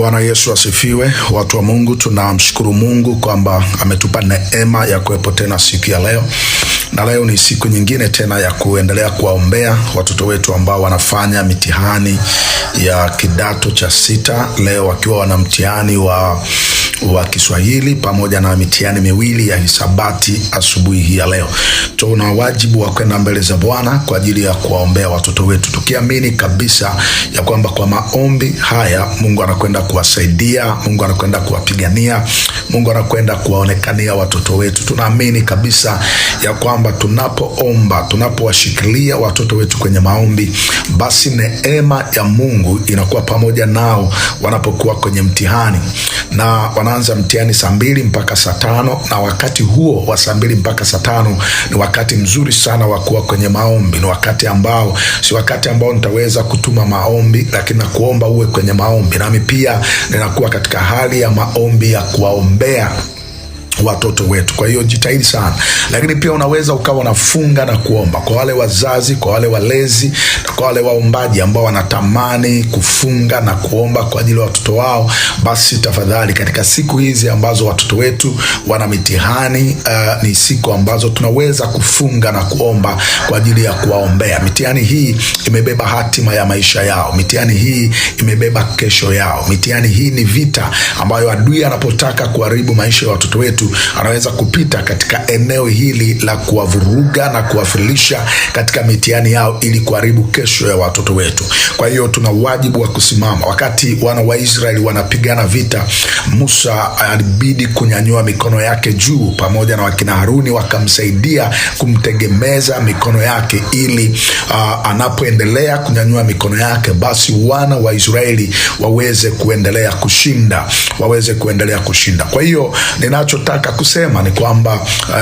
Bwana Yesu asifiwe. Watu wa Mungu, tunamshukuru Mungu kwamba ametupa neema ya kuwepo tena siku ya leo, na leo ni siku nyingine tena ya kuendelea kuwaombea watoto wetu ambao wanafanya mitihani ya kidato cha sita, leo wakiwa wana mtihani wa wa Kiswahili pamoja na mitihani miwili ya hisabati asubuhi hii ya leo. Tuna wajibu wa kwenda mbele za Bwana kwa ajili ya kuwaombea watoto wetu, tukiamini kabisa ya kwamba kwa maombi haya Mungu anakwenda kuwasaidia, Mungu anakwenda kuwapigania, Mungu anakwenda kuwaonekania watoto wetu. Tunaamini kabisa ya kwamba tunapoomba, tunapowashikilia watoto wetu kwenye maombi, basi neema ya Mungu inakuwa pamoja nao wanapokuwa kwenye mtihani na wana wanaanza mtihani saa mbili mpaka saa tano na wakati huo wa saa mbili mpaka saa tano ni wakati mzuri sana wa kuwa kwenye maombi. Ni wakati ambao si wakati ambao nitaweza kutuma maombi, lakini nakuomba uwe kwenye maombi, nami pia ninakuwa katika hali ya maombi ya kuwaombea watoto wetu. Kwa hiyo jitahidi sana, lakini pia unaweza ukawa unafunga na kuomba kwa wale wazazi, kwa wale walezi na kwa wale waombaji ambao wanatamani kufunga na kuomba kwa ajili ya watoto wao, basi tafadhali, katika siku hizi ambazo watoto wetu wana mitihani uh, ni siku ambazo tunaweza kufunga na kuomba kwa ajili ya kuwaombea. Mitihani hii imebeba hatima ya maisha yao, mitihani hii imebeba kesho yao. Mitihani hii ni vita ambayo adui anapotaka kuharibu maisha ya watoto wetu anaweza kupita katika eneo hili la kuwavuruga na kuwafilisha katika mitihani yao ili kuharibu kesho ya watoto wetu. Kwa hiyo tuna wajibu wa kusimama. Wakati wana wa Israeli wanapigana vita, Musa alibidi kunyanyua mikono yake juu pamoja na wakina Haruni wakamsaidia kumtegemeza mikono yake ili uh, anapoendelea kunyanyua mikono yake basi wana wa Israeli waweze kuendelea kushinda, waweze kuendelea kushinda. Kwa hiyo ninachotaka nataka kusema ni kwamba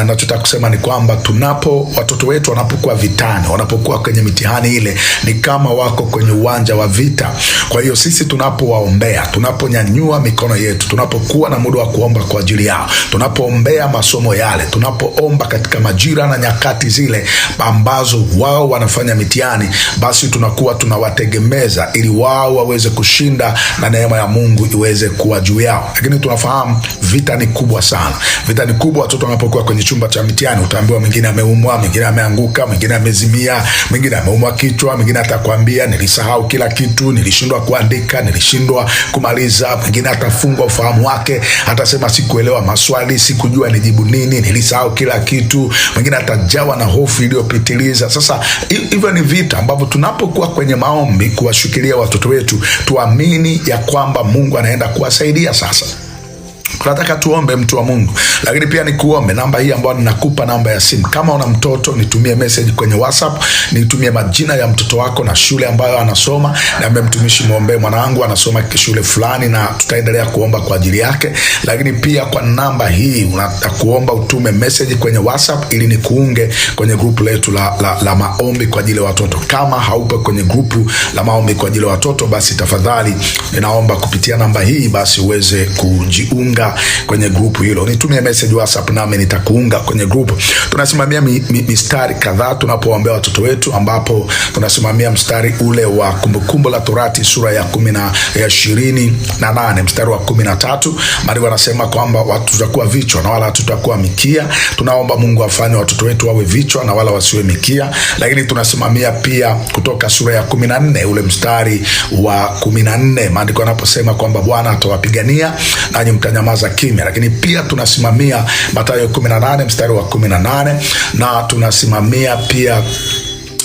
nachotaka kusema ni kwamba tunapo watoto wetu wanapokuwa vitani, wanapokuwa kwenye mitihani ile, ni kama wako kwenye uwanja wa vita. Kwa hiyo sisi tunapowaombea, tunaponyanyua mikono yetu, tunapokuwa na muda wa kuomba kwa ajili yao, tunapoombea masomo yale, tunapoomba katika majira na nyakati zile ambazo wao wanafanya mitihani, basi tunakuwa tunawategemeza ili wao waweze kushinda na neema ya Mungu iweze kuwa juu yao, lakini tunafahamu vita ni kubwa sana. Vidhani kubwa watoto wanapokuwa kwenye chumba cha mtihani, utaambiwa mwingine ameumwa, mwingine ameanguka, mwingine amezimia, mwingine ameumwa kichwa, mwingine atakwambia nilisahau kila kitu, nilishindwa kuandika, nilishindwa kumaliza. Mwingine atafungwa ufahamu wake, atasema sikuelewa maswali, sikujua nijibu nini, nilisahau kila kitu. Mwingine atajawa na hofu iliyopitiliza. Sasa hivyo ni vita ambavyo tunapokuwa kwenye maombi kuwashikilia watoto wetu, tuamini ya kwamba Mungu anaenda kuwasaidia sasa tunataka tuombe, mtu wa Mungu, lakini pia nikuombe namba hii ambayo ninakupa, namba ya simu. Kama una mtoto, nitumie message kwenye WhatsApp, nitumie majina ya mtoto wako na shule ambayo anasoma, niambie mtumishi, muombe mwanangu anasoma shule fulani, na tutaendelea kuomba kwa ajili yake. Lakini pia kwa namba hii unakuomba utume message kwenye WhatsApp ili nikuunge kwenye grupu letu la, la, la maombi kwa ajili ya watoto. Kama haupo kwenye grupu la maombi kwa ajili ya watoto, basi tafadhali ninaomba kupitia namba hii, basi uweze kujiunga nitakuunga kwenye grupu hilo. Nitumie message WhatsApp nami nitakuunga kwenye grupu. Tunasimamia mi, mi, mistari kadhaa tunapoombea watoto wetu, ambapo tunasimamia mstari ule wa Kumbukumbu la Torati sura ya kumi na ishirini na nane mstari wa kumi na tatu Maandiko anasema kwamba watu tutakuwa vichwa na wala hatutakuwa mikia. Tunaomba Mungu afanye watoto wetu wawe vichwa na wala wasiwe mikia, lakini tunasimamia pia kutoka sura ya kumi na nne ule mstari wa kumi na nne maandiko anaposema kwamba Bwana atawapigania nanyi mtanyama alama za kimya, lakini pia tunasimamia Mathayo 18 mstari wa 18 na tunasimamia pia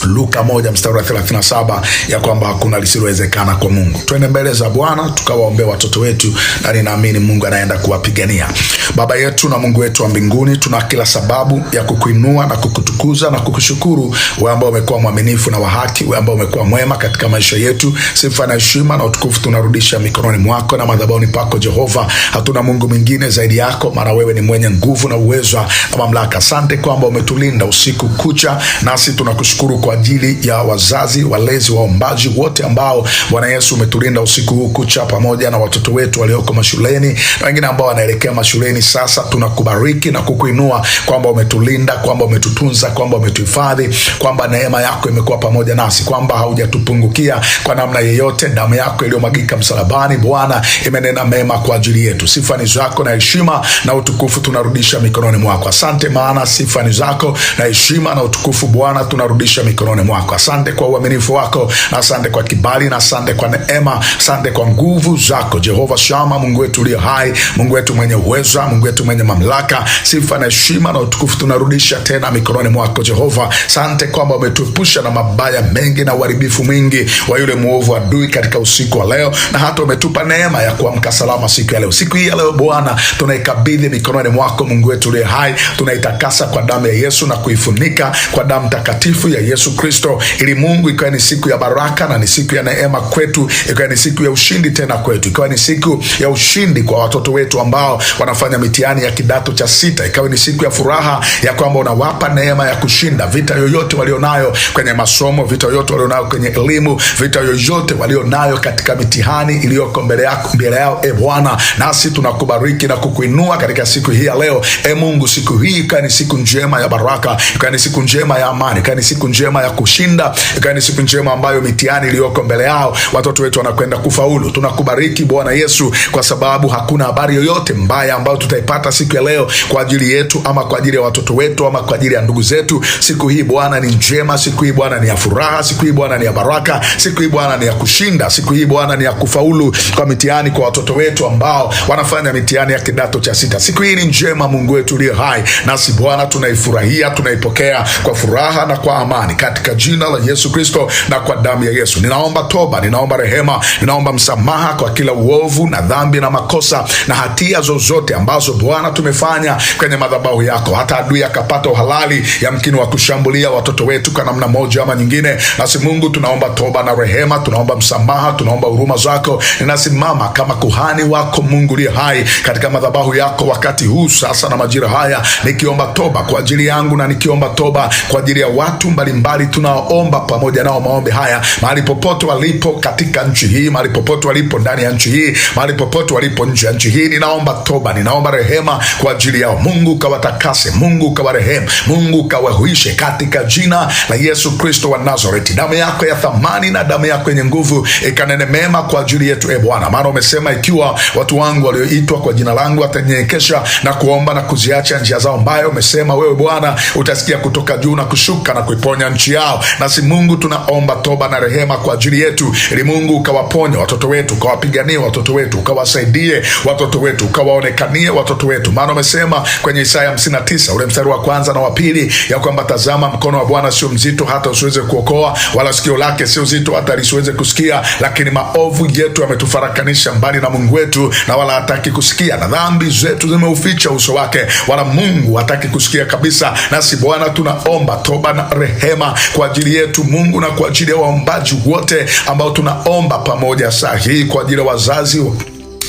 Luka moja mstari wa 37 ya kwamba hakuna lisilowezekana kwa Mungu. Twende mbele za Bwana tukawaombea watoto wetu, na ninaamini Mungu anaenda kuwapigania. Baba yetu na Mungu wetu wa mbinguni, tuna kila sababu ya kukuinua na kukutukuza na kukushukuru wewe, ambao umekuwa mwaminifu na wa haki, wewe ambao umekuwa mwema katika maisha yetu. Sifa na heshima na utukufu tunarudisha mikononi mwako na madhabahuni pako Jehova. Hatuna Mungu mwingine zaidi yako, maana wewe ni mwenye nguvu na uwezo na mamlaka. Asante kwamba umetulinda usiku kucha, nasi tunakushukuru kwa kwa ajili ya wazazi, walezi, waombaji wote ambao Bwana Yesu umetulinda usiku huu kucha, pamoja na watoto wetu walioko mashuleni na wengine ambao wanaelekea mashuleni sasa. Tunakubariki na kukuinua kwamba umetulinda, kwamba umetutunza, kwamba umetuhifadhi, kwamba neema yako imekuwa pamoja nasi, kwamba haujatupungukia kwa namna yeyote. Damu yako iliyomwagika msalabani, Bwana, imenena mema kwa ajili yetu. Sifa ni zako na heshima na utukufu tunarudisha mikononi mwako. Asante, maana sifa ni zako na heshima na utukufu Bwana tunarudisha mikononi mikononi mwako. Asante kwa uaminifu wako, na asante kwa kibali, na asante kwa neema, asante kwa nguvu zako Jehova Shama, Mungu wetu uliye hai, Mungu wetu mwenye uweza, Mungu wetu mwenye mamlaka. Sifa na heshima na utukufu tunarudisha tena mikononi mwako Jehova. Asante kwamba umetuepusha na mabaya mengi na uharibifu mwingi wa yule mwovu adui katika usiku wa leo, na hata umetupa neema ya kuamka salama siku ya leo. Siku hii ya leo Bwana, tunaikabidhi mikononi mwako Mungu wetu uliye hai, tunaitakasa kwa damu ya Yesu na kuifunika kwa damu takatifu ya Yesu Yesu Kristo, ili Mungu, ikawa ni siku ya baraka na ni siku ya neema kwetu, ikawa ni siku ya ushindi tena kwetu, ikawa ni siku ya ushindi kwa watoto wetu ambao wanafanya mitihani ya kidato cha sita, ikawa ni siku ya furaha ya kwamba unawapa neema ya kushinda vita yoyote walionayo kwenye masomo, vita yoyote walionayo kwenye elimu, vita yoyote walionayo katika mitihani iliyoko mbele yako mbele yao. E Bwana, nasi tunakubariki na kukuinua katika siku hii ya leo. E Mungu, siku hii ikawa ni siku njema ya baraka, ikawa ni siku njema ya amani, ikawa ni siku njema njema ya kushinda, ikawe ni siku njema ambayo mitihani iliyoko mbele yao watoto wetu wanakwenda kufaulu. Tunakubariki Bwana Yesu, kwa sababu hakuna habari yoyote mbaya ambayo tutaipata siku ya leo kwa ajili yetu ama kwa ajili ya watoto wetu ama kwa ajili ya ndugu zetu. Siku hii Bwana ni njema, siku hii Bwana ni ya furaha, siku hii Bwana ni ya baraka, siku hii Bwana ni ya kushinda, siku hii Bwana ni ya kufaulu kwa mitihani kwa watoto wetu ambao wanafanya mitihani ya kidato cha sita. Siku hii ni njema, Mungu wetu uliye hai, nasi Bwana tunaifurahia, tunaipokea kwa furaha na kwa amani katika jina la Yesu Kristo na kwa damu ya Yesu. Ninaomba toba, ninaomba rehema, ninaomba msamaha kwa kila uovu na dhambi na makosa na hatia zozote ambazo Bwana tumefanya kwenye madhabahu yako, hata adui akapata uhalali yamkini wa kushambulia watoto wetu kwa namna moja ama nyingine. Nasi Mungu tunaomba toba na rehema, tunaomba msamaha, tunaomba huruma zako. Ninasimama kama kuhani wako Mungu liye hai katika madhabahu yako wakati huu sasa na majira haya, nikiomba toba kwa ajili yangu na nikiomba toba kwa ajili ya watu mbalimbali bali tunaomba pamoja nao maombi haya, mahali popote walipo katika nchi hii, mahali popote walipo ndani ya nchi hii, mahali popote walipo nje ya nchi hii, ninaomba toba, ninaomba rehema kwa ajili yao. Mungu kawatakase, Mungu kawarehemu, Mungu kawahuishe katika jina la Yesu Kristo wa Nazareti. Damu yako ya thamani na damu yako yenye nguvu ikanene mema kwa ajili yetu, e Bwana, maana umesema ikiwa watu wangu walioitwa kwa jina langu watanyenyekesha na kuomba na kuziacha njia zao mbayo umesema wewe Bwana utasikia kutoka juu na kushuka na kuiponya nchi nchi yao. Nasi Mungu tunaomba toba na rehema kwa ajili yetu, ili Mungu ukawaponya watoto wetu, ukawapiganie watoto wetu, ukawasaidie watoto wetu, ukawaonekanie watoto wetu, maana wamesema kwenye Isaya 59 ule mstari wa kwanza na wa pili ya kwamba tazama, mkono wa Bwana sio mzito hata usiweze kuokoa, wala sikio lake sio zito hata lisiweze kusikia, lakini maovu yetu yametufarakanisha mbali na Mungu wetu, na wala hataki kusikia, na dhambi zetu zimeuficha uso wake, wala Mungu hataki kusikia kabisa. Nasi Bwana tunaomba toba na rehema kwa ajili yetu Mungu na kwa ajili ya waombaji wote ambao tunaomba pamoja saa hii kwa ajili ya wazazi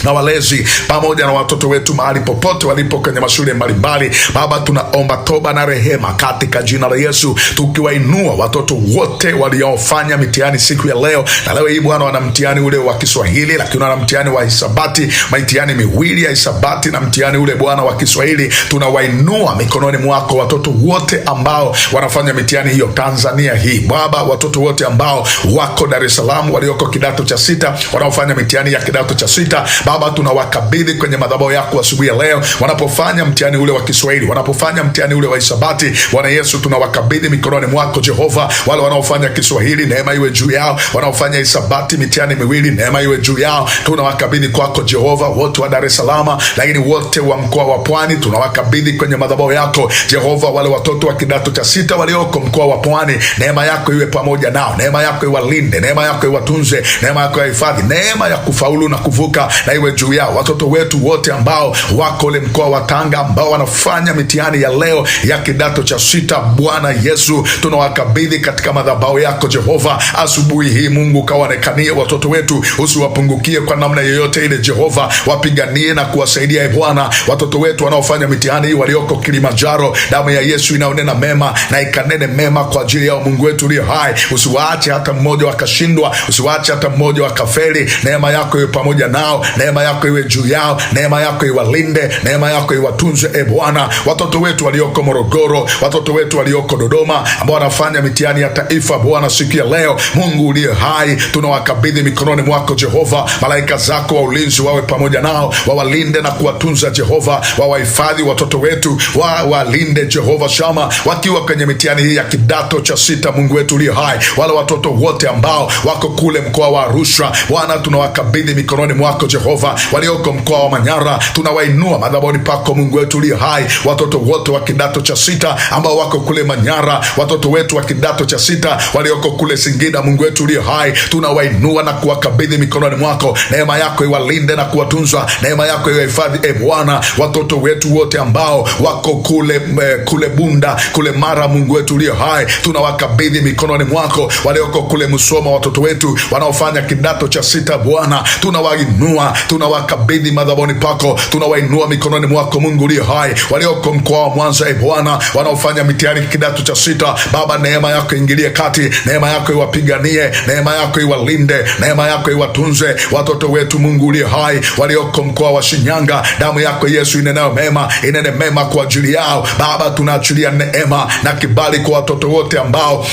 na walezi pamoja na watoto wetu mahali popote walipo kwenye mashule mbalimbali. Baba, tunaomba toba na rehema katika jina la Yesu, tukiwainua watoto wote waliofanya mitihani siku ya leo. Na leo hii Bwana, wana mtihani ule wa Kiswahili, lakini wana mtihani wa hisabati, mitihani miwili ya hisabati na mtihani ule Bwana wa Kiswahili. Tunawainua mikononi mwako watoto wote ambao wanafanya mitihani hiyo Tanzania hii Baba, watoto wote ambao wako Dar es Salaam, walioko kidato cha sita, wanaofanya mitihani ya kidato cha sita Baba, Baba, tunawakabidhi kwenye madhabahu yako asubuhi ya leo, wanapofanya mtihani ule wa Kiswahili, wanapofanya mtihani ule wa hisabati. Bwana Yesu, tunawakabidhi mikononi mwako Jehova, wale wanaofanya Kiswahili, neema iwe juu yao, wanaofanya hisabati, mitihani miwili, neema iwe juu yao. Tunawakabidhi kwako Jehova wote wa Dar es Salaam, lakini wote wa mkoa wa Pwani tunawakabidhi kwenye madhabahu yako Jehova, wale watoto wa kidato cha sita walioko mkoa wa Pwani, neema yako iwe pamoja nao, neema yako iwalinde, neema yako iwatunze, neema yako yahifadhi, neema ya kufaulu na kuvuka na iwe juu yao. Watoto wetu wote ambao wako ule mkoa wa Tanga, ambao wanafanya mitihani ya leo ya kidato cha sita, Bwana Yesu tunawakabidhi katika madhabahu yako Jehova. Asubuhi hii Mungu kawaonekanie watoto wetu, usiwapungukie kwa namna yoyote ile Jehova, wapiganie na kuwasaidia e Bwana, watoto wetu wanaofanya mitihani hii walioko Kilimanjaro, damu ya Yesu inaonena mema na ikanene mema kwa ajili yao. Mungu wetu ulio hai, usiwaache hata mmoja wakashindwa, usiwaache hata mmoja wakafeli. Neema yako iwe pamoja nao na neema yako iwe juu yao, neema yako iwalinde, neema yako iwatunze. E Bwana, watoto wetu walioko Morogoro, watoto wetu walioko Dodoma ambao wanafanya mitihani ya taifa, Bwana, siku ya leo, Mungu uliye hai, tunawakabidhi mikononi mwako Jehova. Malaika zako wa ulinzi wawe pamoja nao, wawalinde na kuwatunza Jehova, wawahifadhi watoto wetu, wawalinde Jehova Shama, wakiwa kwenye mitihani hii ya kidato cha sita. Mungu wetu uliye hai, wale watoto wote ambao wako kule mkoa wa Arusha, Bwana, tunawakabidhi mikononi mwako Jehova. Jehova, walioko mkoa wa Manyara tunawainua madhabahuni pako Mungu wetu uliye hai, watoto wote wa kidato cha sita ambao wako kule Manyara, watoto wetu wa kidato cha sita walioko kule Singida, Mungu wetu uliye hai, tunawainua na kuwakabidhi mikononi mwako. Neema yako iwalinde na kuwatunza, neema yako iwahifadhi, e Bwana, watoto wetu wote ambao wako kule e, kule Bunda, kule Mara, Mungu wetu uliye hai, tunawakabidhi mikononi mwako. Walioko kule Musoma, watoto wetu wanaofanya kidato cha sita Bwana, tunawainua tunawakabidhi madhaboni pako, tunawainua mikononi mwako Mungu uliye hai, walioko mkoa wa Mwanza e Bwana, wanaofanya mitihani kidato cha sita, Baba neema yako ingilie kati, neema yako iwapiganie, neema yako iwalinde, neema yako iwatunze watoto wetu Mungu uliye hai, walioko mkoa wa Shinyanga, damu yako Yesu inenayo mema, inene mema kwa ajili yao Baba, tunaachilia neema na kibali kwa watoto wote ambao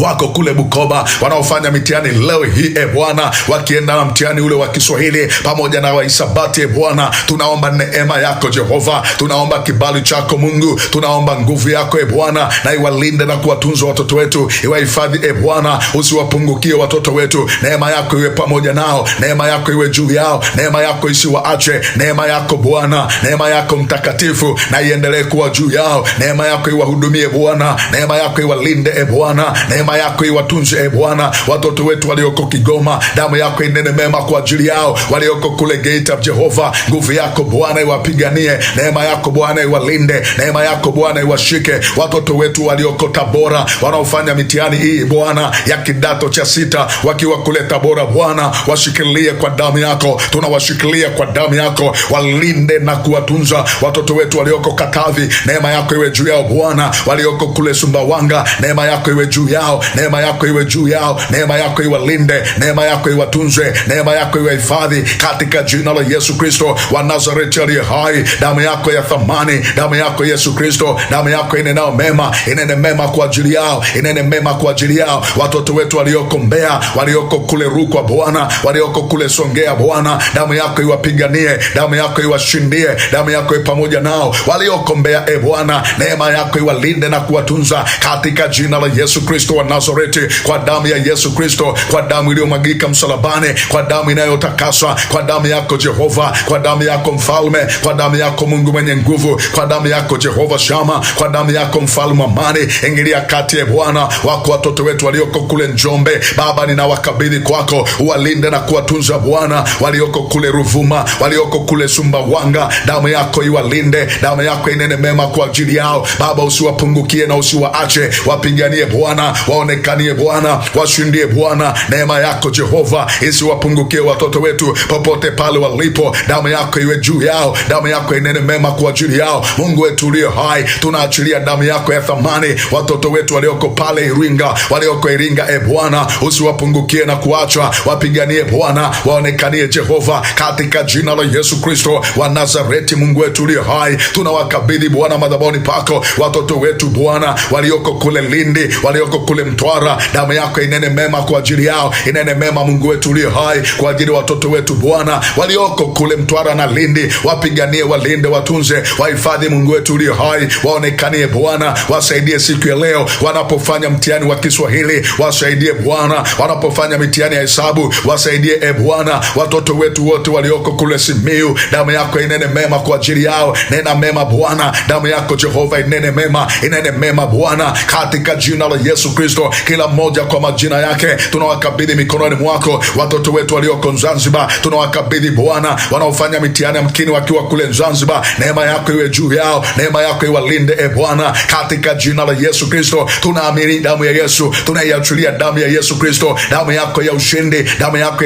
wako kule Bukoba wanaofanya mitihani leo hii e Bwana, wakienda na mtihani ule wa Kiswahili pamoja na waisabati e Bwana, tunaomba neema yako Jehova, tunaomba kibali chako Mungu, tunaomba nguvu yako e Bwana, na iwalinde na kuwatunza watoto wetu, iwahifadhi e Bwana, usiwapungukie watoto wetu, neema yako iwe pamoja nao, neema yako iwe juu yao, neema yako isiwaache, neema yako Bwana, neema yako mtakatifu na iendelee kuwa juu yao, neema yako iwahudumie Bwana, neema yako iwalinde e Bwana, neema Neema yako iwatunze e Bwana watoto wetu walioko Kigoma, damu yako inene mema kwa ajili yao, walioko kule Geita. Jehova, nguvu yako Bwana iwapiganie, neema yako Bwana iwalinde, neema yako Bwana iwashike watoto wetu walioko Tabora, wanaofanya mitihani hii Bwana ya kidato cha sita, wakiwa kule Tabora. Bwana washikilie kwa damu yako, tunawashikilia kwa damu yako, walinde na kuwatunza watoto wetu walioko Katavi, neema yako iwe juu yao Bwana, walioko kule Sumbawanga, neema yako iwe juu yao yao, neema yako iwe juu yao, neema yako iwalinde, neema yako iwatunzwe neema yako iwahifadhi katika jina la Yesu Kristo wa Nazareti aliye hai. Damu yako ya thamani, damu yako Yesu Kristo, damu yako inenao mema, inene mema kwa ajili yao, inene mema kwa ajili yao, watoto wetu walioko mbea walioko kule Rukwa Bwana, walioko kule Songea Bwana, damu yako iwapiganie, damu yako iwashindie, damu yako pamoja nao walioko mbea E Bwana, neema yako iwalinde na kuwatunza katika jina la Yesu Kristo Nazareti, kwa damu ya Yesu Kristo, kwa damu iliyomwagika msalabani, kwa damu inayotakaswa, kwa damu yako Jehova, kwa damu yako Mfalme, kwa damu yako Mungu mwenye nguvu, kwa damu yako Jehova Shama, kwa damu yako Mfalme amani, ingilia kati ya ee Bwana wako watoto wetu walioko kule Njombe. Baba, ninawakabidhi kwako, uwalinde na kuwatunza Bwana, walioko kule Ruvuma, walioko kule Sumbawanga, damu yako iwalinde, damu yako inene mema kwa ajili yao Baba, usiwapungukie na usiwaache, wapiganie Bwana waonekanie Bwana, washindie Bwana. Neema yako Jehova isiwapungukie watoto wetu popote pale walipo. Damu yako iwe juu yao, damu yako inene mema kwa ajili yao. Mungu wetu uliye hai, tunaachilia damu yako ya thamani watoto wetu walioko pale Iringa, walioko Iringa. E Bwana, usiwapungukie na kuacha, wapiganie Bwana, waonekanie Jehova, katika jina la Yesu Kristo wa Nazareti. Mungu wetu uliye hai, tunawakabidhi Bwana madhabahuni pako watoto wetu Bwana, walioko kule Lindi, walioko kule mtwara. Damu yako inene mema kwa ajili yao, inene mema Mungu wetu ulio hai kwa ajili ya watoto wetu Bwana walioko kule Mtwara na Lindi, wapiganie, walinde, watunze, wahifadhi Mungu wetu ulio hai, waonekanie Bwana, wasaidie siku ya leo wanapofanya mtihani wa Kiswahili, wasaidie Bwana, wanapofanya mitihani ya hesabu, wasaidie e Bwana, watoto wetu wote walioko kule Simiu, damu yako inene mema kwa ajili yao, nena mema Bwana, damu yako Jehova inene mema, inene mema Bwana, katika jina la Yesu Kristo. Kristo. Kila mmoja kwa majina yake tunawakabidhi mikononi mwako watoto wetu walioko Zanzibar, tunawakabidhi Bwana wanaofanya mitihani amkini wakiwa kule Zanzibar. Neema yako iwe juu yao, neema yako iwalinde e Bwana, katika jina la Yesu Kristo. Tunaamiri damu ya Yesu, tunaiachilia damu ya Yesu Kristo, damu yako ya ushindi, damu yako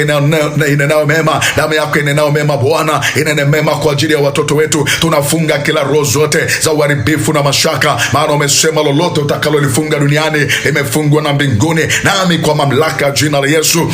inenayo mema, damu yako inenayo mema Bwana, inene mema kwa ajili ya watoto wetu. Tunafunga kila roho zote za uharibifu na mashaka, maana umesema lolote utakalolifunga duniani lime yamefungwa na mbinguni, nami kwa mamlaka jina la Yesu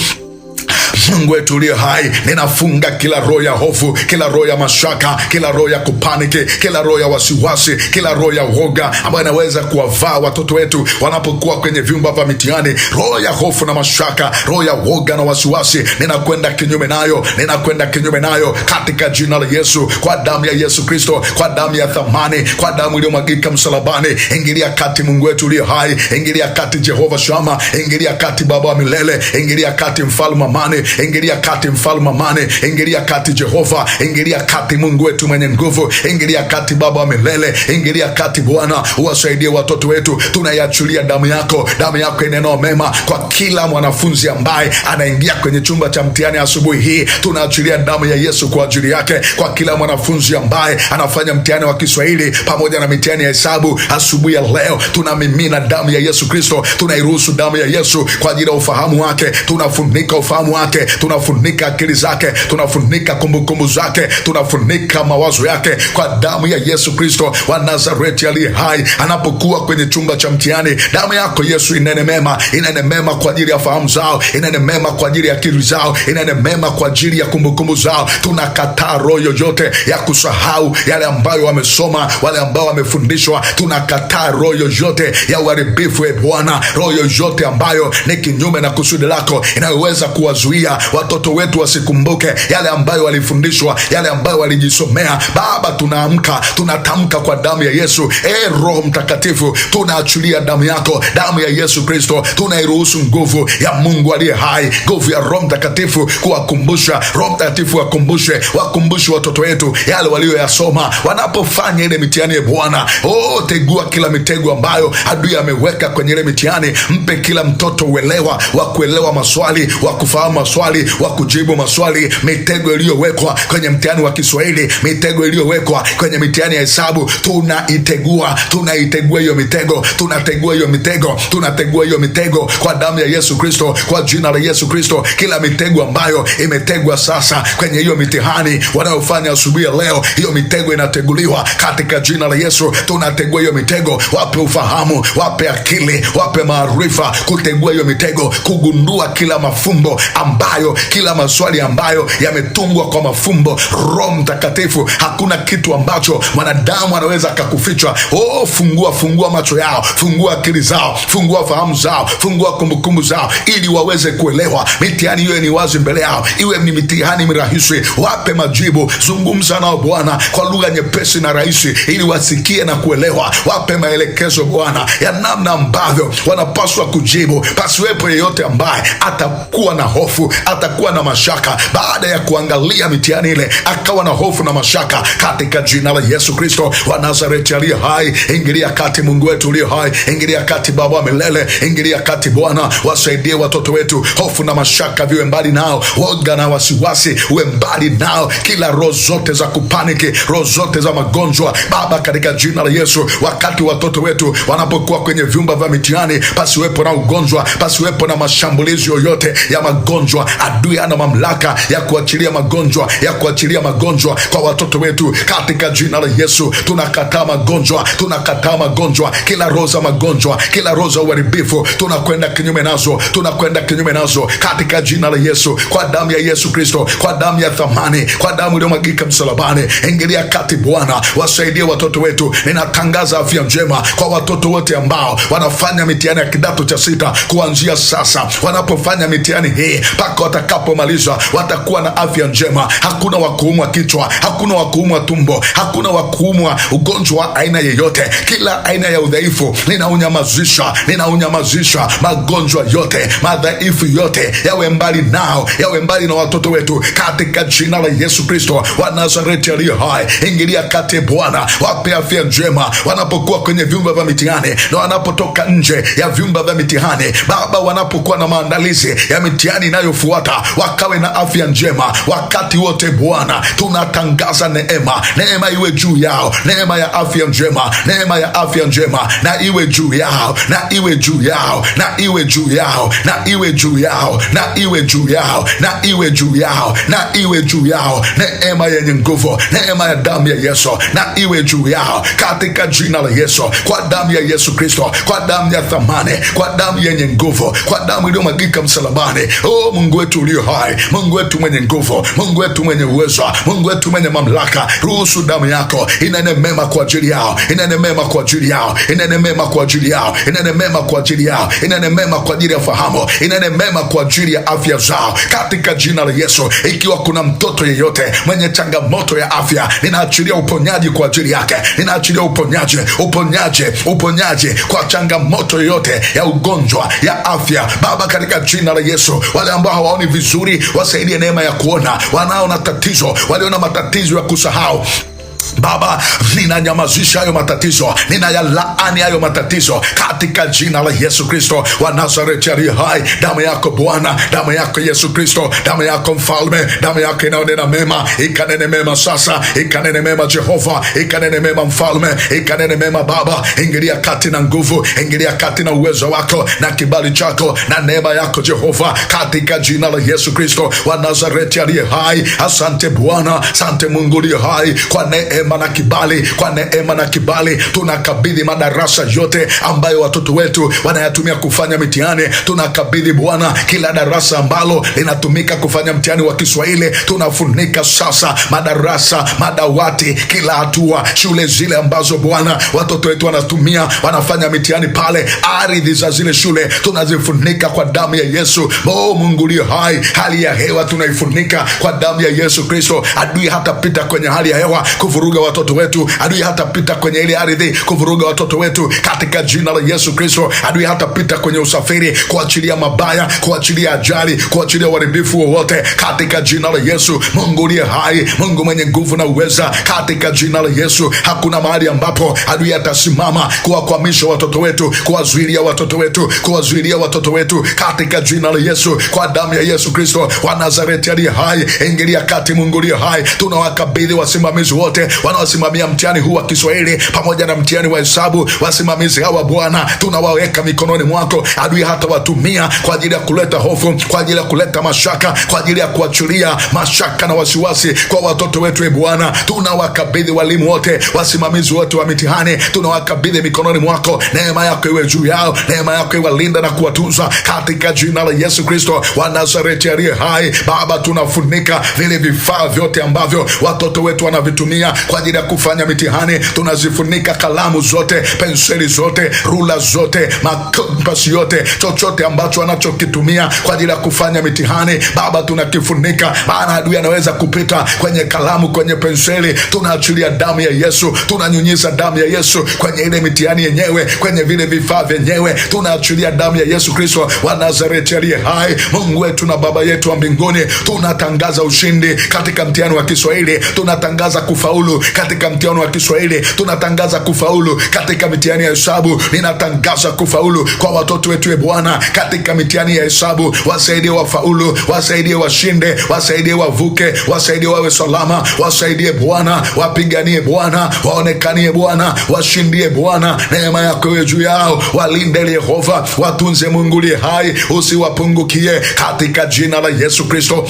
Mungu etulie hai, ninafunga kila roho ya hofu, kila roho ya mashaka, kila roho ya kupaniki, kila roho ya wasiwasi, kila roho ya uoga ambayo inaweza kuwavaa watoto wetu wanapokuwa kwenye vyumba vya mitihani. Roho ya hofu na mashaka, roho ya uoga na wasiwasi, ninakwenda kinyume nayo, ninakwenda kinyume nayo katika jina la Yesu, kwa damu ya Yesu Kristo, kwa damu ya thamani, kwa damu iliyomwagika msalabani. Ingilia kati Mungu wetu uliye hai, ingilia kati Jehova Shama, ingilia kati Baba wa milele, ingilia kati Mfalme amani ingilia kati mfalme amani, ingilia kati Jehova, ingilia kati Mungu wetu mwenye nguvu, ingilia kati Baba wa milele, ingilia kati Bwana, uwasaidie watoto wetu. Tunaiachulia damu yako, damu yako ineneo mema kwa kila mwanafunzi ambaye anaingia kwenye chumba cha mtihani asubuhi hii. Tunaachilia damu ya Yesu kwa ajili yake, kwa kila mwanafunzi ambaye anafanya mtihani wa Kiswahili pamoja na mtihani ya hesabu asubuhi ya leo, tunamimina damu ya Yesu Kristo, tunairuhusu damu ya Yesu kwa ajili ya ufahamu wake, tunafunika ufahamu wake tunafunika akili zake, tunafunika kumbukumbu zake, tunafunika mawazo yake kwa damu ya Yesu Kristo wa Nazareti aliye hai. Anapokuwa kwenye chumba cha mtihani, damu yako Yesu inene mema, inene mema kwa ajili ya fahamu zao, inene mema kwa ajili ya akili zao, inene mema kwa ajili ya kumbukumbu zao. Tunakataa roho yoyote ya kusahau yale ambayo wamesoma, wale ambao wamefundishwa. Tunakataa roho yoyote ya uharibifu, e Bwana, roho yoyote ambayo ni kinyume na kusudi lako inayoweza kuwazuia watoto wetu wasikumbuke yale ambayo walifundishwa, yale ambayo walijisomea. Baba, tunaamka tunatamka kwa damu ya Yesu. E Roho Mtakatifu, tunaachilia damu yako, damu ya Yesu Kristo, tunairuhusu nguvu ya Mungu aliye hai, nguvu ya Roho Mtakatifu kuwakumbusha. Roho Mtakatifu wakumbushe, wakumbushe watoto wetu yale walioyasoma wanapofanya ile mitihani. ya Bwana, oh, tegua kila mitego ambayo adui ameweka kwenye ile mitihani. Mpe kila mtoto uelewa wa kuelewa maswali, wa kufahamu maswali maswali, wa kujibu maswali, mitego iliyowekwa kwenye mtihani wa Kiswahili, mitego iliyowekwa kwenye mitihani ya hesabu. Tunaitegua, tunaitegua hiyo mitego, tunategua hiyo mitego, tunategua hiyo mitego kwa damu ya Yesu Kristo, kwa jina la Yesu Kristo. Kila mitego ambayo imetegwa sasa kwenye hiyo mitihani wanayofanya asubuhi ya leo, hiyo mitego inateguliwa katika jina la Yesu. Tunategua hiyo mitego, wape ufahamu, wape akili, wape maarifa kutegua hiyo mitego, kugundua kila mafumbo ambayo ambayo kila maswali ambayo yametungwa kwa mafumbo. Roho Mtakatifu, hakuna kitu ambacho mwanadamu anaweza akakufichwa. Oh, fungua fungua macho yao, fungua akili zao, fungua fahamu zao, fungua kumbukumbu zao, ili waweze kuelewa. Mitihani hiyo ni wazi mbele yao, iwe ni mitihani mirahisi, wape majibu. Zungumza nao Bwana kwa lugha nyepesi na rahisi, ili wasikie na kuelewa. Wape maelekezo Bwana ya namna ambavyo wanapaswa kujibu, pasiwepo yeyote ambaye atakuwa na hofu, atakuwa na mashaka baada ya kuangalia mitihani ile, akawa na hofu na mashaka, katika jina la Yesu Kristo wa Nazareti aliye hai. Ingilia kati Mungu wetu uliye hai, ingilia kati Baba wa milele, ingilia kati Bwana, wasaidie watoto wetu, hofu na mashaka viwe mbali nao, woga na wasiwasi uwe mbali nao, kila roho zote za kupaniki, roho zote za magonjwa Baba, katika jina la Yesu, wakati watoto wetu wanapokuwa kwenye vyumba vya mitihani, pasiwepo na ugonjwa, pasiwepo na mashambulizi yoyote ya magonjwa Adui ana mamlaka ya kuachilia magonjwa, ya kuachilia magonjwa kwa watoto wetu katika jina la Yesu. Tunakataa magonjwa, tunakataa magonjwa, kila roho za magonjwa, kila roho za uharibifu, tunakwenda kinyume nazo, tunakwenda kinyume nazo katika jina la Yesu, kwa damu ya Yesu Kristo, kwa damu ya thamani, kwa damu iliyomwagika msalabani. Ingilia kati Bwana, wasaidie watoto wetu. Ninatangaza afya njema kwa watoto wote ambao wanafanya mitihani ya kidato cha sita kuanzia sasa, wanapofanya mitihani hii mpaka watakapomaliza watakuwa na afya njema. Hakuna wakuumwa kichwa, hakuna wakuumwa tumbo, hakuna wakuumwa ugonjwa wa aina yeyote. Kila aina ya udhaifu ninaunyamazisha, ninaunyamazisha. Magonjwa yote, madhaifu yote yawe mbali nao, yawe mbali na watoto wetu, katika jina la Yesu Kristo wa Nazareti aliyo hai. Ingilia kati Bwana, wape afya njema wanapokuwa kwenye vyumba vya mitihani na wanapotoka nje ya vyumba vya mitihani. Baba, wanapokuwa na maandalizi ya mitihani inayofuata wanaotufuata wakawe na afya njema wakati wote. Bwana, tunatangaza neema, neema iwe juu yao, neema ya afya njema, neema ya afya njema na iwe juu yao, na iwe juu yao, na iwe juu yao, na iwe juu yao, na iwe juu yao, na iwe juu yao, na iwe juu yao, neema yenye nguvu, neema ya damu ya Yesu na iwe juu yao katika jina la Yesu, kwa damu ya Yesu Kristo, kwa damu ya thamani, kwa damu yenye nguvu, kwa damu iliyomwagika msalabani. Oh Mungu Mungu wetu ulio hai, Mungu wetu mwenye nguvu, Mungu wetu mwenye uwezo, Mungu wetu mwenye mamlaka, ruhusu damu yako inene mema kwa ajili yao, inene mema kwa ajili yao, inene mema kwa ajili yao, inene mema kwa ajili yao, inene mema kwa ajili ya fahamu, inene mema kwa ajili ya afya zao, katika jina la Yesu. Ikiwa kuna mtoto yeyote mwenye changamoto ya afya, ninaachilia uponyaji kwa ajili yake, ninaachilia uponyaji, uponyaji, uponyaji kwa changamoto yoyote ya ugonjwa ya afya, Baba, katika jina la Yesu. Wale ambao hawaoni vizuri, wasaidie neema ya kuona. wanao na tatizo, waliona matatizo ya kusahau Baba, ninanyamazisha hayo matatizo, ninayalaani hayo matatizo katika jina la Yesu Kristo wa Nazareti aliye hai. Damu yako Bwana, damu yako Yesu Kristo, damu yako Mfalme, damu yako inaonena mema, ikanene mema sasa, ikanene mema Jehova, ikanene mema Mfalme, ikanene mema Baba. Ingilia kati na nguvu, ingilia kati na uwezo wako na kibali chako na neema yako Jehova, katika jina la Yesu Kristo wa Nazareti aliye hai. Asante Bwana, asante Mungu aliye hai kwa neema neema na kibali. Kwa neema na kibali tunakabidhi madarasa yote ambayo watoto wetu wanayatumia kufanya mitihani. Tunakabidhi Bwana kila darasa ambalo linatumika kufanya mtihani wa Kiswahili, tunafunika sasa madarasa, madawati, kila hatua, shule zile ambazo Bwana watoto wetu wanatumia wanafanya mitihani pale, ardhi za zile shule tunazifunika kwa damu ya Yesu. O Mungu ulio hai, hali ya hewa tunaifunika kwa damu ya Yesu Kristo. Adui hatapita kwenye hali ya hewa kufu kuvuruga watoto wetu. Adui hatapita kwenye ile ardhi kuvuruga watoto wetu katika jina la Yesu Kristo. Adui hatapita kwenye usafiri, kuachilia mabaya, kuachilia ajali, kuachilia uharibifu wowote katika jina la Yesu. Mungu uliye hai, Mungu mwenye nguvu na uweza, katika jina la Yesu hakuna mahali ambapo adui atasimama kuwakwamisha watoto wetu, kuwazuilia watoto wetu, kuwazuilia watoto wetu katika jina la Yesu, kwa damu ya Yesu Kristo wa Nazareti aliye hai. Ingilia kati, Mungu uliye hai, tunawakabidhi wasimamizi wote wanaosimamia mtihani huu wa Kiswahili pamoja na mtihani wa hesabu. Wasimamizi hawa Bwana, tunawaweka mikononi mwako. Adui hata watumia kwa ajili ya kuleta hofu, kwa ajili ya kuleta mashaka, kwa ajili ya kuachilia mashaka na wasiwasi kwa watoto wetu. E Bwana, tunawakabidhi walimu wote, wasimamizi wote wa mitihani, tunawakabidhi mikononi mwako. Neema yako iwe juu yao, neema yako iwalinda na kuwatunza katika jina la Yesu Kristo wa Nazareti aliye hai. Baba, tunafunika vile vifaa vyote ambavyo watoto wetu wanavitumia kwa ajili ya kufanya mitihani. Tunazifunika kalamu zote, penseli zote, rula zote, makompasi yote, chochote ambacho anachokitumia kwa ajili ya kufanya mitihani, Baba tunakifunika, maana adui anaweza kupita kwenye kalamu, kwenye penseli. Tunaachilia damu ya Yesu, tunanyunyiza damu ya Yesu kwenye ile mitihani yenyewe, kwenye vile vifaa vyenyewe, tunaachilia damu ya Yesu Kristo wa Nazareti aliye hai. Mungu wetu na Baba yetu wa mbinguni, tunatangaza ushindi katika mtihani wa Kiswahili, tunatangaza kufaulu kufaulu katika mtihani wa Kiswahili, tunatangaza kufaulu katika mitihani ya hesabu. Ninatangaza kufaulu kwa watoto wetu, e Bwana, katika mitihani ya hesabu. Wasaidie wafaulu, wasaidie washinde, wasaidie wavuke, wasaidie wawe salama, wasaidie Bwana, wapiganie Bwana, waonekanie Bwana, washindie Bwana, neema yako iwe juu yao, walinde Yehova, watunze Mungu liye hai, usiwapungukie katika jina la Yesu Kristo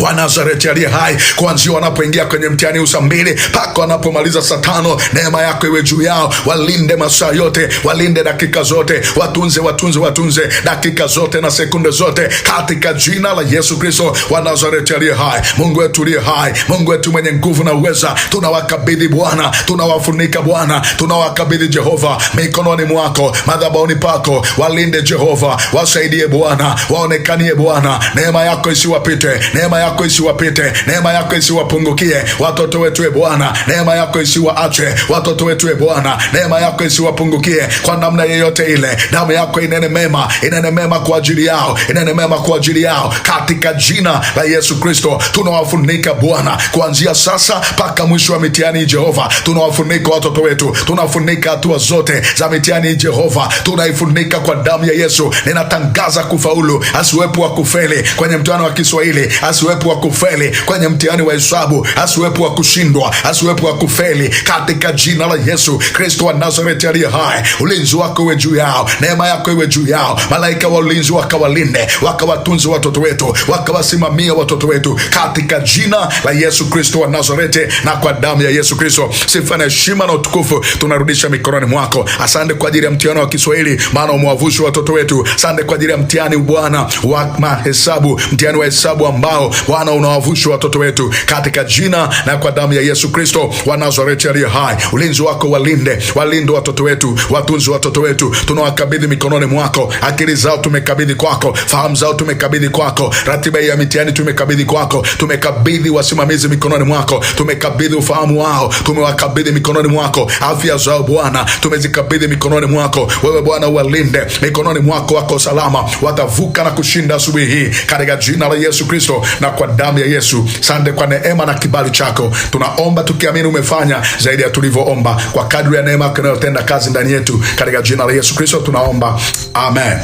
wa Nazareti aliye hai, kuanzia wanapoingia kwenye mtihani huu saa mbili mpaka wanapomaliza saa tano. Neema yako iwe juu yao, walinde masaa yote, walinde dakika zote, watunze, watunze, watunze dakika zote na sekunde zote, katika jina la Yesu Kristo wa Nazareti aliye hai. Mungu wetu uliye hai, Mungu wetu mwenye nguvu na uweza, tunawakabidhi Bwana, tunawafunika Bwana, tunawakabidhi Jehova mikononi mwako, madhabahuni pako, walinde Jehova, wasaidie Bwana, waonekanie Bwana, neema yako isiwapite, neema yako yako isiwapite, neema yako isiwapungukie watoto wetu, e Bwana, neema yako isiwaache watoto wetu, e Bwana, neema yako isiwapungukie kwa namna yeyote ile. Damu yako inene mema, inene mema kwa ajili yao, inene mema kwa ajili yao, katika jina la Yesu Kristo tunawafunika Bwana, kuanzia sasa mpaka mwisho wa mitihani Jehova, tunawafunika watoto wetu, tunafunika hatua zote za mitihani Jehova, tunaifunika kwa damu ya Yesu. Ninatangaza kufaulu, asiwepo wa kufeli kwenye mtihani wa Kiswahili, asiwepo asiwepo wa kufeli kwenye mtihani wa hesabu, asiwepo wa kushindwa, asiwepo wa kufeli katika jina la Yesu Kristo wa Nazareti aliye hai. Ulinzi wako iwe juu yao, neema yako iwe juu yao, malaika wa ulinzi wakawalinde, wakawatunze watoto wetu, wakawasimamia watoto wetu katika jina la Yesu Kristo wa Nazareti na kwa damu ya Yesu Kristo. Sifa na heshima na utukufu tunarudisha mikononi mwako. Asante kwa ajili ya mtihani wa Kiswahili, maana umewavusha watoto wetu. Asante kwa ajili ya mtihani Bwana wa mahesabu, mtihani wa hesabu ambao Bwana, unawavusha watoto wetu katika jina na kwa damu ya Yesu Kristo wa Nazareti aliye hai. Ulinzi wako walinde, walinde watoto wetu, watunzi watoto wetu, tunawakabidhi mikononi mwako. Akili zao tumekabidhi kwako, fahamu zao tumekabidhi kwako, ratiba ya mitihani tumekabidhi kwako, tumekabidhi wasimamizi mikononi mwako, tumekabidhi ufahamu wao, tumewakabidhi mikononi mwako, afya zao Bwana tumezikabidhi mikononi mwako. Wewe Bwana uwalinde mikononi mwako, wako salama, watavuka na kushinda asubuhi hii katika jina la Yesu Kristo na kwa damu ya Yesu. sande kwa neema na kibali chako, tunaomba tukiamini umefanya zaidi ya tulivyoomba, kwa kadri ya neema yako inayotenda kazi ndani yetu, katika jina la Yesu Kristo tunaomba, amen.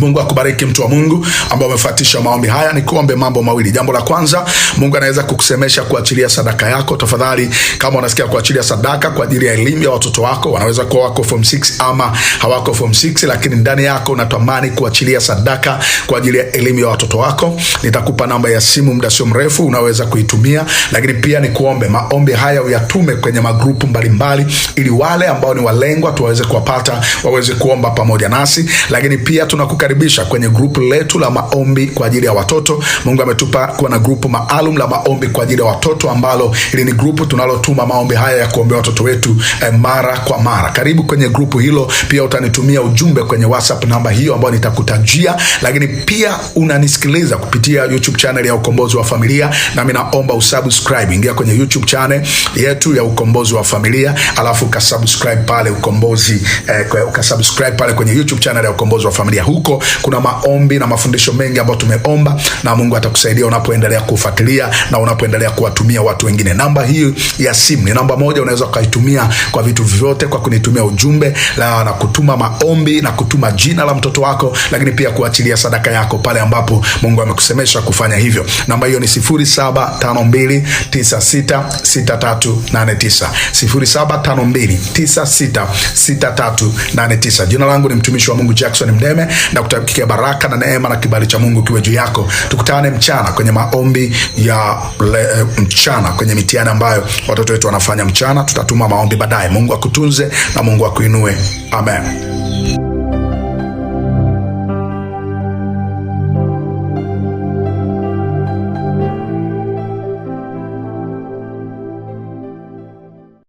Mungu akubariki mtu wa Mungu ambaye umefuatisha maombi haya. Nikuombe mambo mawili. Jambo la kwanza, Mungu anaweza kukusemesha kuachilia sadaka yako. Tafadhali, kama unasikia kuachilia sadaka kwa ajili ya elimu ya watoto wako, wanaweza kuwa wako form 6 ama hawako form 6, lakini ndani yako unatamani kuachilia sadaka kwa ajili ya elimu ya watoto wako, nitakupa namba ya simu muda sio mrefu, unaweza kuitumia. Lakini pia nikuombe maombi haya uyatume kwenye magrupu mbalimbali, ili wale ambao ni walengwa tuwaweze kuwapata, waweze kuomba pamoja nasi. Lakini pia tunakuka kukaribisha kwenye grupu letu la maombi kwa ajili ya watoto. Mungu ametupa kuwa na grupu maalum la maombi kwa ajili ya watoto ambalo hili ni grupu tunalotuma maombi haya ya kuombea watoto wetu eh, mara kwa mara. Karibu kwenye grupu hilo. Pia utanitumia ujumbe kwenye WhatsApp namba hiyo ambayo nitakutajia, lakini pia unanisikiliza kupitia YouTube channel ya Ukombozi wa Familia, nami naomba usubscribe. Ingia kwenye YouTube channel yetu ya Ukombozi wa Familia alafu ukasubscribe pale Ukombozi eh, ukasubscribe pale kwenye YouTube channel ya Ukombozi wa Familia huko kuna maombi na mafundisho mengi ambayo tumeomba, na Mungu atakusaidia unapoendelea kufuatilia na unapoendelea kuwatumia watu wengine. Namba hii ya simu ni namba moja, unaweza ukaitumia kwa vitu vyote, kwa kunitumia ujumbe la, na kutuma maombi na kutuma jina la mtoto wako, lakini pia kuachilia sadaka yako pale ambapo Mungu amekusemesha kufanya hivyo. Namba hiyo ni 0752966389 0752966389. Jina langu ni mtumishi wa Mungu Jackson Mdeme na tutakikia baraka na neema na kibali cha Mungu kiwe juu yako. Tukutane mchana kwenye maombi ya le, eh, mchana kwenye mitihani ambayo watoto wetu wanafanya mchana. Tutatuma maombi baadaye. Mungu akutunze na Mungu akuinue. Amen.